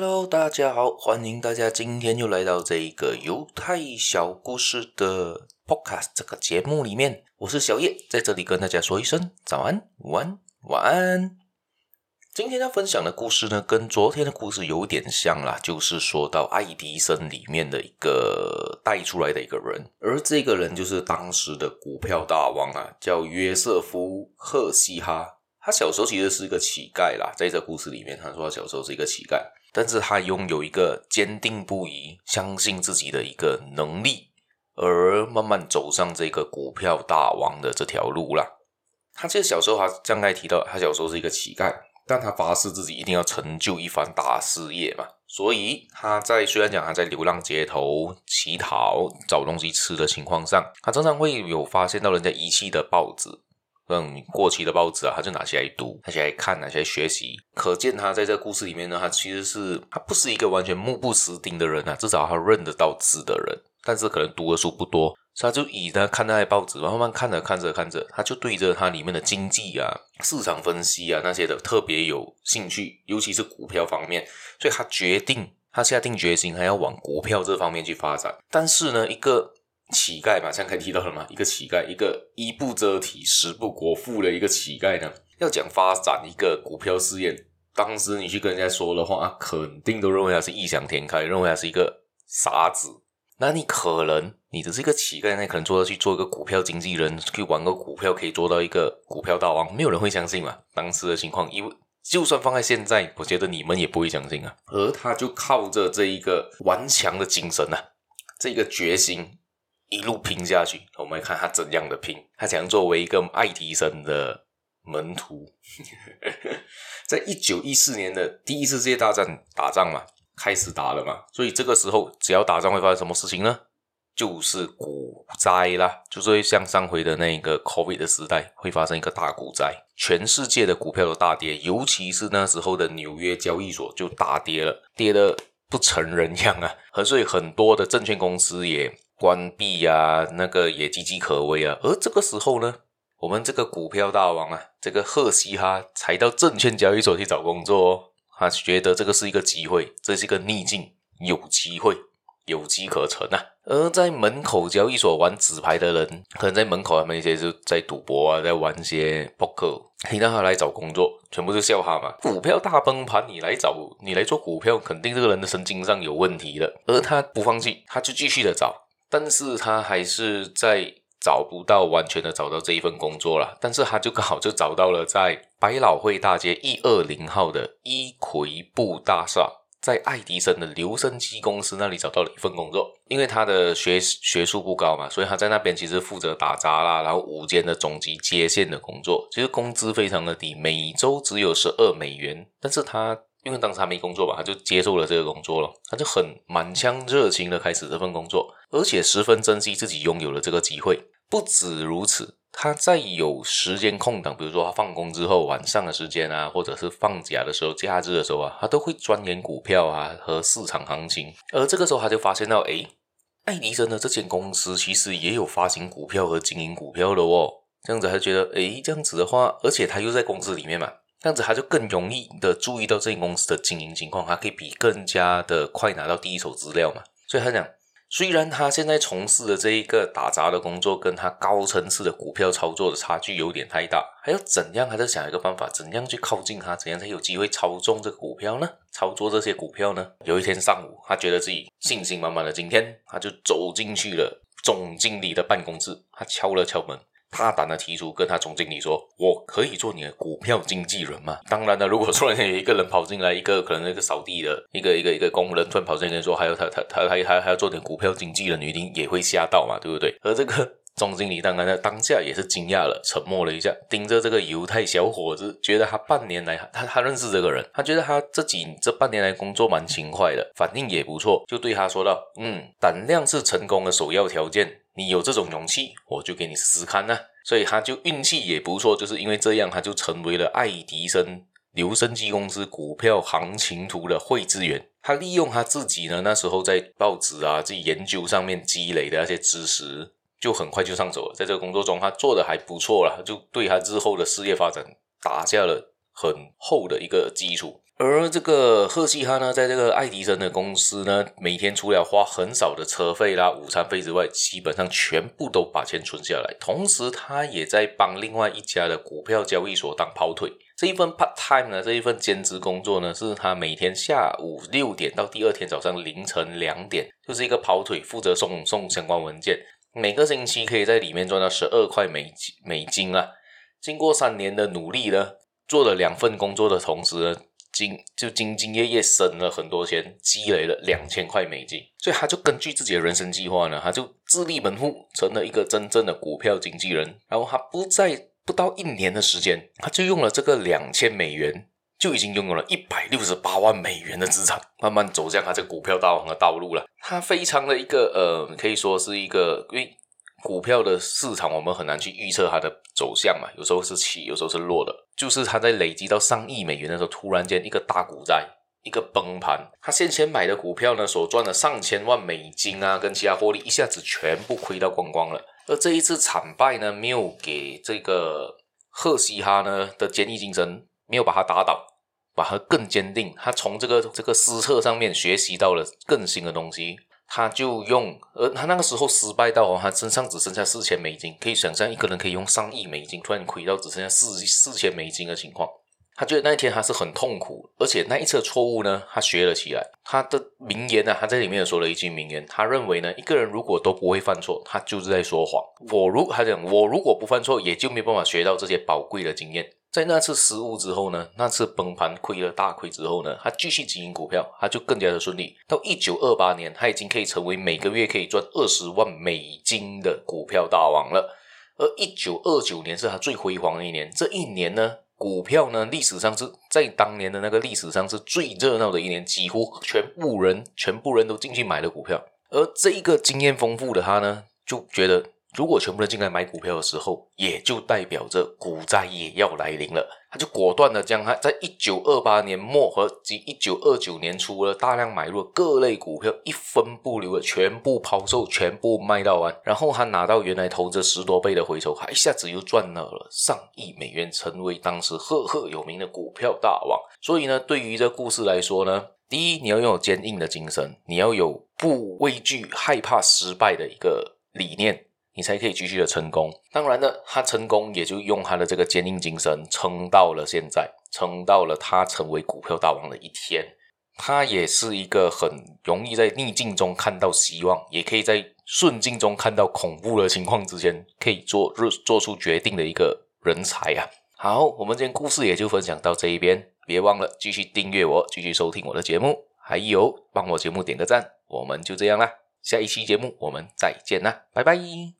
Hello，大家好，歡迎大家今天又來到這個猶太小故事的 Podcast 這個節目裡面，我是小葉，在這裡跟大家說一聲早安、晚安、晚安。今天要分享的故事呢，跟昨天的故事有點像啦，就是說到愛迪生裡面的一個帶出來的一個人，而這個人就是當時的股票大王啊，叫約瑟夫赫西哈。他小時候其實是一個乞丐啦，在這故事裡面，他說他小時候是一個乞丐，但是他擁有一個堅定不移、相信自己的一個能力，而慢慢走上這個股票大王的這條路啦。他其實小時候還剛剛提到，他小時候是一個乞丐，但他發誓自己一定要成就一番大事業嘛，所以他在雖然講他在流浪街頭乞討、找東西吃的情況上，他常常會有發現到人家遺棄的報紙。嗯，過期的報紙啊，他就拿起來讀，拿起來看，拿起來學習。可見他在這個故事裡面呢，他其實是他不是一個完全目不識丁的人啊，至少他認得到字的人。但是可能讀的書不多，所以他就以他看那些報紙，慢慢看着看着看着，他就對着他裡面的經濟啊、市場分析啊那些的特別有興趣，尤其是股票方面。所以他決定，他下定決心，還要往股票這方面去發展。但是呢，一個。乞丐嘛，馬上可以提到的嘛？一個乞丐，一個衣不遮體、食不果腹的一個乞丐呢，要講發展一個股票事業。當時你去跟人家說的話，啊，肯定都認為他是異想天開，認為他是一個傻子。那你可能你只是一個乞丐，那你可能做到去做一個股票經紀人，去玩個股票，可以做到一個股票大王，沒有人會相信嘛。當時的情況，因為就算放在現在，我覺得你們也不會相信啊。而他就靠着這一個頑強的精神啊，這一個決心。一路拼下去，我們來看他怎樣的拼。他想作為一個愛迪生的門徒， 在一九一四年的第一次世界大戰打仗嘛，開始打了嘛，所以這個時候只要打仗會發生什麼事情呢？就是股災啦，就是會像上回的那個 COVID 的時代會發生一個大股災，全世界的股票都大跌，尤其是那時候的紐約交易所就大跌了，跌得不成人樣啊，和所以很多的證券公司也關閉呀、啊，那個也岌岌可危啊。而這個時候呢，我們這個股票大王啊，這個赫希哈才到證券交易所去找工作、哦。他覺得這個是一個機會，這是一個逆境，有機會，有機可乘啊。而在門口交易所玩紙牌的人，可能在門口他們一些就在賭博啊，在玩一些 poker 你讓他來找工作，全部是笑話嘛。股票大崩盤，你來找，你來做股票，肯定這個人的神經上有問題的。而他不放棄，他就繼續的找。但是他還是在找，不到完全的找到這一份工作了，但是他就剛好就找到了在百老匯大街一二零號的伊奎布大廈，在愛迪生的留聲機公司那裡找到了一份工作。因為他的學學術不高嘛，所以他在那邊其實負責打雜啦，然後午間的總機接線的工作，其實工資非常的低，每週只有十二美元。但是他因為當時他沒工作嘛，他就接受了這個工作了，他就很滿腔熱情的開始這份工作，而且十分珍惜自己擁有了這個機會。不止如此，他在有時間空檔，比如說他放工之後晚上的時間啊，或者是放假的時候、假日的時候啊，他都會鑽研股票啊和市場行情。而這個時候他就發現到，誒，愛迪生的這間公司其實也有發行股票和經營股票的哦。這樣子，他就覺得，誒，這樣子的話，而且他又在公司裡面嘛。這樣子他就更容易的注意到這間公司的經營情況，他可以比更加的快拿到第一手資料嘛。所以他講，雖然他現在從事的這一個打雜的工作，跟他高層次的股票操作的差距有點太大，還要怎樣？他在想一個辦法，怎樣去靠近他，怎樣才有機會操縱這個股票呢？操作這些股票呢？有一天上午，他覺得自己信心滿滿的，今天他就走進去了總經理的辦公室，他敲了敲門。大膽的提出跟他總經理說：“我可以做你的股票經紀人嗎？”當然了，如果突然有一個人跑進來，一個可能一個掃地的，一個一個一個工人突然跑進來跟說：“還有他他他他還還還還要做點股票經紀人。”，一定也會嚇到嘛，對不對？而這個總經理當然了，當下也是驚訝了，沉默了一下，盯着這個猶太小伙子，覺得他半年來他他認識這個人，他覺得他自己這半年來工作蠻勤快的，反應也不錯，就對他說道：“嗯，膽量是成功的首要條件。”你有這種勇氣，我就給你試試看呢、啊。所以他就運氣也不錯，就是因為這樣，他就成為了愛迪生留聲機公司股票行情圖的繪製員。他利用他自己呢，那時候在報紙啊自己研究上面積累的那些知識，就很快就上手了。在這個工作中，他做的還不錯啦，就對他日後的事業發展打下了很厚的一個基礎。而這個赫西哈呢，在這個愛迪生的公司呢，每天除了花很少的車費啦、午餐費之外，基本上全部都把錢存下來。同時，他也在幫另外一家的股票交易所當跑腿。這一份 part time 呢，這一份兼職工作呢，是他每天下午六點到第二天早上凌晨兩點，就是一個跑腿，負責送送相關文件。每個星期可以在裡面賺到十二塊美美金啊。經過三年的努力呢，做了兩份工作的同時呢。精就兢兢業業，省了很多錢，積累了兩千塊美金，所以他就根據自己的人生計劃呢，他就自立門戶，成了一個真正的股票經紀人。然後他不在不到一年的時間，他就用了這個兩千美元，就已經擁有了一百六十八萬美元的資產，慢慢走向他這個股票大王的道路了。他非常的一個呃，可以說是一個，因為股票的市場我們很難去預測它的走向嘛，有時候是起，有時候是落的。就是他在累積到上億美元的時候，突然間一個大股災，一個崩盤，他先前買的股票呢，所賺的上千萬美金啊，跟其他獲利一下子全部虧到光光了。而這一次慘敗呢，沒有給這個赫西哈呢的堅毅精神，沒有把他打倒，把他更堅定。他從這個這個失策上面學習到了更新的東西。他就用，呃，他那個時候失敗到哦，他身上只剩下四千美金，可以想象，一個人可以用上億美金，突然虧到只剩下四四千美金的情況，他覺得那一天他是很痛苦，而且那一次錯誤呢，他學了起來。他的名言呢、啊，他在裡面說了一句名言，他認為呢，一個人如果都不會犯錯，他就是在說謊。我如，他講，我如果不犯錯，也就沒辦法學到這些寶貴的經驗。在那次失誤之後呢，那次崩盤虧了大虧之後呢，他繼續經營股票，他就更加的順利。到一九二八年，他已經可以成為每個月可以賺二十萬美金的股票大王了。而一九二九年是他最輝煌的一年，這一年呢，股票呢歷史上是在當年的那個歷史上是最熱鬧的一年，幾乎全部人全部人都進去買了股票。而這一個經驗豐富的他呢，就覺得。如果全部人進來買股票的時候，也就代表着股災也要來臨了。他就果斷的將他在一九二八年末和及一九二九年初了大量買入各類股票，一分不留的全部拋售，全部賣到完。然後他拿到原來投資十多倍的回酬還一下子又賺到了上億美元，成為當時赫赫有名的股票大王。所以呢，對於這個故事來說呢，第一，你要擁有堅硬的精神，你要有不畏懼、害怕失敗的一個理念。你才可以繼續的成功。當然了，他成功也就用他的這個堅定精神撐到了現在，撐到了他成為股票大王的一天。他也是一個很容易在逆境中看到希望，也可以在順境中看到恐怖的情況之間，可以做做出決定的一個人才啊。好，我們今天故事也就分享到這一邊，別忘了繼續訂閱我，繼續收聽我的節目，還有幫我節目點個讚。我們就這樣啦，下一期節目我們再見啦，拜拜。